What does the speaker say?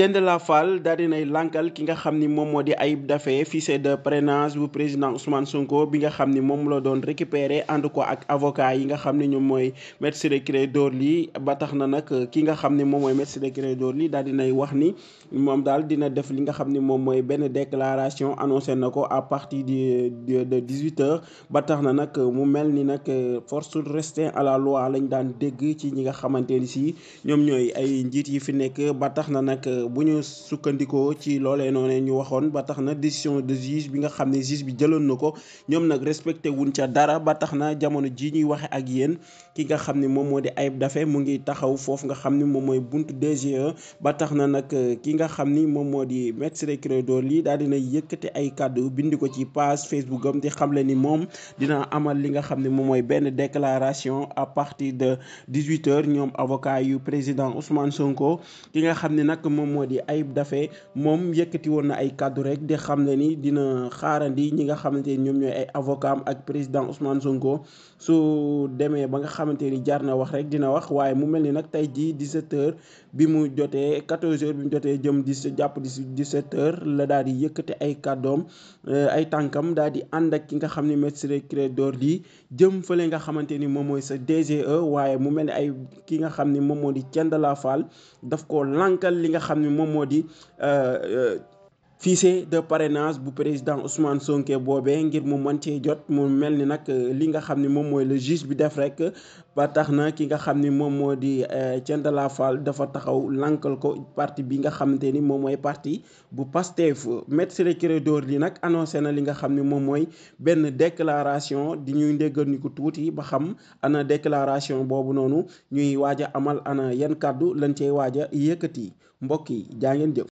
Thiendella Fall daal dinay lànkal ki nga xam ni moom moo di Ayib Daffé fichier de parrainage bu président Ousmane Sonko bi nga xam ni moom la doon récupérer ànd ko ak avocat yi nga xam ne ñoom mooy maître Ciré Clédor Ly ba tax na nag ki nga xam ne moom mooy maître Ciré Clédor Ly daal dinay wax ni moom daal dina def li nga xam ni moom mooy benn déclaration annoncé na ko à partir de de dix-huit heures ba tax na nag mu mel ni nag force restée à la loi lañ daan dégg ci ñi nga xamante ni si ñoom ñooy ay njiit yi fi nekk ba tax na nag bu ñu sukkandikoo ci loolee noonu ñu waxoon ba tax na décision de juge bi nga xam ne juge bi jëloon na ko ñoom nag respecté wuñ ca dara ba tax na jamono ji ñuy waxe ak yéen ki nga xam ne moom moo di ay Daffé mu ngi taxaw foofu nga xam ne moom mooy buntu DGE ba tax na nag euh, ki nga xam ni moom moo di Maître Clédor daal dina yëkkati ay kàddu bindi ko ci page Facebook am di xamle ni moom dina amal li nga xam ne moom mooy benn déclaration à partir de 18 ñoom avocat yu président Ousmane Sonko ki nga xam moo di Ayib Daffé moom yëkkati woon na ay kàddu rek di xam ne ni dina xaarandi ñi nga xamante ni ñoom ñooy ay avocat ak président Ousmane Sonko su demee ba nga xamante ni jaar na wax rek dina wax waaye mu mel ni nag tey jii 17h bi mu jotee 14h bi mu jotee jëm di jàpp di di h la daal di yëkkati ay kàddoom euh, ay tànkam daal di ànd ak ki nga xam ne maître Clédor Ly jëm fële nga xamante ni moom mooy sa DGE waaye mu mel ni ay ki nga xam ni moom moo di Thiendella moom moo di euh, euh, fichier de parrainage bu président Ousmane sonke boobee ngir mu mën cee jot mu mel ni nag euh, li nga xam ni moom mooy le juge bi def rek ba tax na ki nga xam ni moom moo di euh, Thiendella Fall dafa taxaw lankal ko parti bi nga xamante ni moom mooy parti bu Pastef Maître Ciré Clédor Ly nag annoncé na li nga xam ni moom mooy benn déclaration di ñuy ndéggal tuuti ba xam ana déclaration boobu noonu ñuy waaj a amal ana yan kàddu lañ cey waaj a yëkkati mbokk yi jaa ngeen jëf